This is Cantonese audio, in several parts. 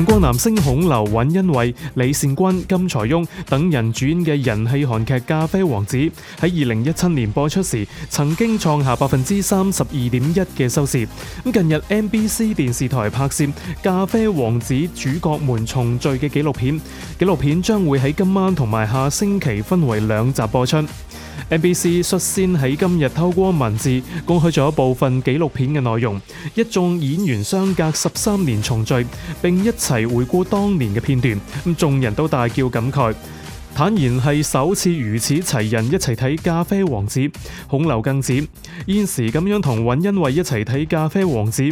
韓國男星孔劉、尹恩惠、李善均、金才翁等人主演嘅人氣韓劇《咖啡王子》，喺二零一七年播出時，曾經創下百分之三十二點一嘅收視。咁近日 MBC 電視台拍攝《咖啡王子》主角們重聚嘅紀錄片，紀錄片將會喺今晚同埋下星期分為兩集播出。N.B.C 率先喺今日透過文字公開咗部分紀錄片嘅內容，一眾演員相隔十三年重聚，並一齊回顧當年嘅片段。咁眾人都大叫感慨，坦言係首次如此齊人一齊睇《咖啡王子》。孔劉更指現時咁樣同尹恩惠一齊睇《咖啡王子》，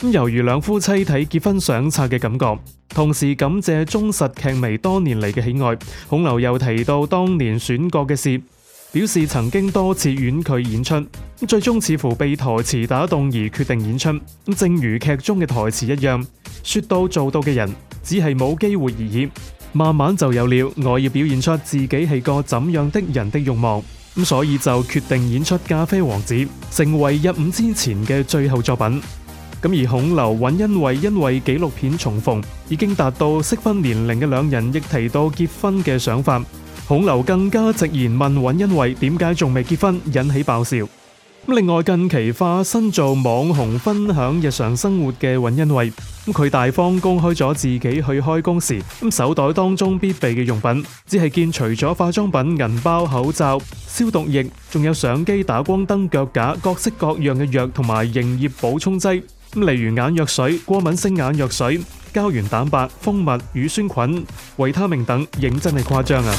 咁猶如兩夫妻睇結婚相冊嘅感覺。同時感謝忠實劇迷多年嚟嘅喜愛。孔劉又提到當年選角嘅事。表示曾經多次婉拒演出，最終似乎被台詞打動而決定演出。正如劇中嘅台詞一樣，説到做到嘅人只係冇機會而已，慢慢就有了我要表現出自己係個怎樣的人的慾望。咁所以就決定演出《咖啡王子》，成為入伍之前嘅最後作品。咁而孔劉尹恩惠因為紀錄片重逢，已經達到適婚年齡嘅兩人亦提到結婚嘅想法。孔劉更加直言問尹恩惠點解仲未結婚，引起爆笑。咁另外近期化身做網紅分享日常生活嘅尹恩惠，咁佢大方公開咗自己去開工時，咁手袋當中必備嘅用品，只係見除咗化妝品、銀包、口罩、消毒液，仲有相機、打光燈、腳架、各式各樣嘅藥同埋營業補充劑。例如眼藥水、過敏性眼藥水、膠原蛋白、蜂蜜、乳酸菌、維他命等，認真係誇張啊！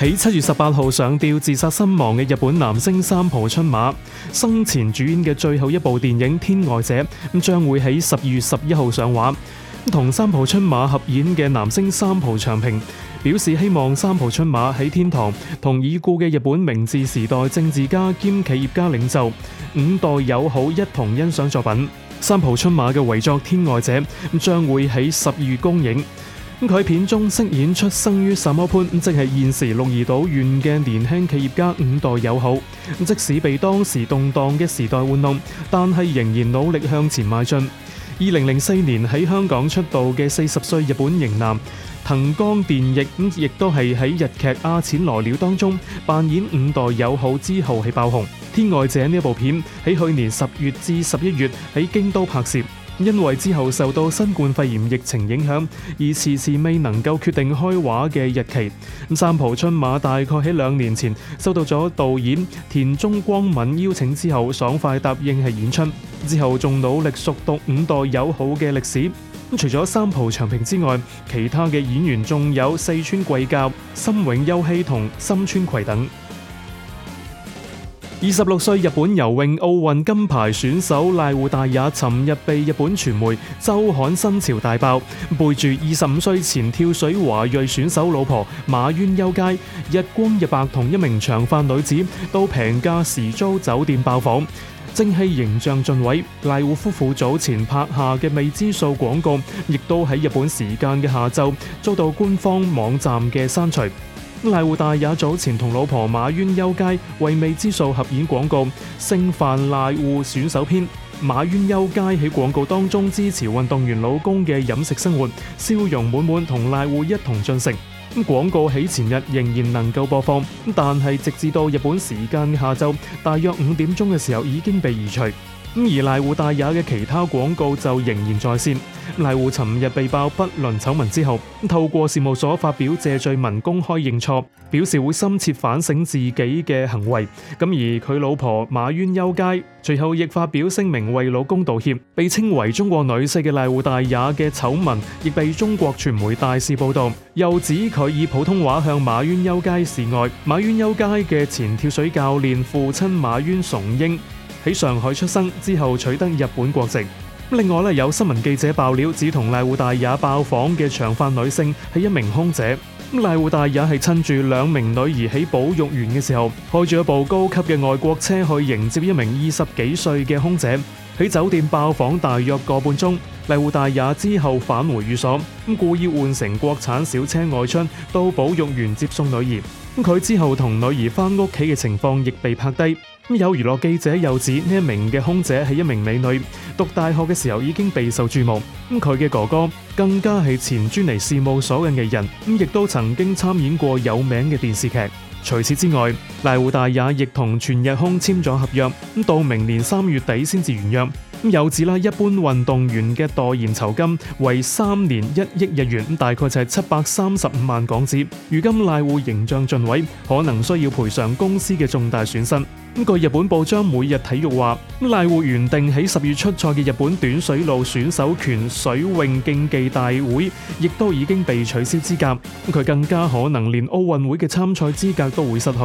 喺七月十八號上吊自殺身亡嘅日本男星三浦春馬，生前主演嘅最後一部電影《天外者》咁將會喺十二月十一號上畫。同三浦春馬合演嘅男星三浦翔平表示希望三浦春馬喺天堂同已故嘅日本明治時代政治家兼企業家領袖五代友好一同欣賞作品。三浦春馬嘅遺作《天外者》咁將會喺十二月公映。佢片中飾演出生於薩摩藩，即係現時鹿兒島縣嘅年輕企業家五代友好。即使被當時動盪嘅時代玩弄，但係仍然努力向前邁進。二零零四年喺香港出道嘅四十歲日本型男藤岡電亦，咁亦都係喺日劇《阿淺來了》當中扮演五代友好之後係爆紅。《天外者》呢部片，喺去年十月至十一月喺京都拍攝。因為之後受到新冠肺炎疫情影響，而遲遲未能夠決定開畫嘅日期。三浦春馬大概喺兩年前收到咗導演田中光敏邀請之後，爽快答應係演出。之後仲努力熟讀五代友好嘅歷史。咁除咗三浦長平之外，其他嘅演員仲有四川貴教、森永優希同深川葵等。二十六歲日本游泳奧運金牌選手瀨戶大也，尋日被日本傳媒周刊新潮大爆，背住二十五歲前跳水華裔選手老婆馬淵優佳，日光日白同一名長髮女子到平價時租酒店爆房，正係形象盡毀。瀨戶夫婦早前拍下嘅未知數廣告，亦都喺日本時間嘅下晝遭到官方網站嘅刪除。瀨戶大也早前同老婆馬淵優佳為味之素合演廣告《勝飯瀨戶選手篇》，馬淵優佳喺廣告當中支持運動員老公嘅飲食生活，笑容滿滿同瀨戶一同進食。咁廣告喺前日仍然能夠播放，但係直至到日本時間下晝大約五點鐘嘅時候，已經被移除。而瀨戶大也嘅其他廣告就仍然在線。瀨戶尋日被爆不倫醜聞之後，透過事務所發表謝罪文公開認錯，表示會深切反省自己嘅行為。咁而佢老婆馬淵優佳隨後亦發表聲明為老公道歉。被稱為中國女婿嘅瀨戶大也嘅醜聞亦被中國傳媒大肆報道，又指佢以普通話向馬淵優佳示愛。馬淵優佳嘅前跳水教練父親馬淵崇英。喺上海出生之後取得日本國籍。另外咧，有新聞記者爆料，指同賴戶大也爆房嘅長髮女性係一名空姐。咁賴戶大也係趁住兩名女兒喺保育園嘅時候，開住一部高級嘅外國車去迎接一名二十幾歲嘅空姐，喺酒店爆房大約個半鐘。賴戶大也之後返回寓所，咁故意換乘國產小車外出到保育園接送女兒。佢之後同女兒翻屋企嘅情況亦被拍低。有娛樂記者又指呢一名嘅空姐係一名美女，讀大學嘅時候已經備受注目。咁佢嘅哥哥更加係前專尼事務所嘅藝人，咁亦都曾經參演過有名嘅電視劇。除此之外，瀨戶大也亦同全日空簽咗合約，咁到明年三月底先至完約。有指啦，一般運動員嘅代言酬金為三年一億日元，大概就係七百三十五萬港紙。如今瀨戶形象盡毀，可能需要賠償公司嘅重大損失。咁據日本報章每日體育話，瀨戶原定喺十月出賽嘅日本短水路選手權水泳競技大會，亦都已經被取消資格。佢更加可能連奧運會嘅參賽資格都會失去。